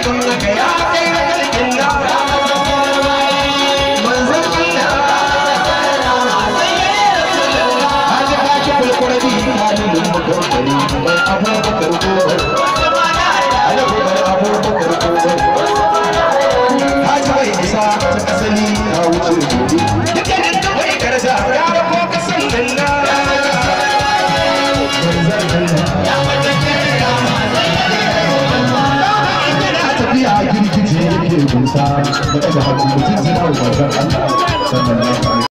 asali ya wuce gobe. Dukkanin duk wani karsa ya rabo kasan nan duniya girgije yake gusa da daga hannun mutum zai dawo bazar Allah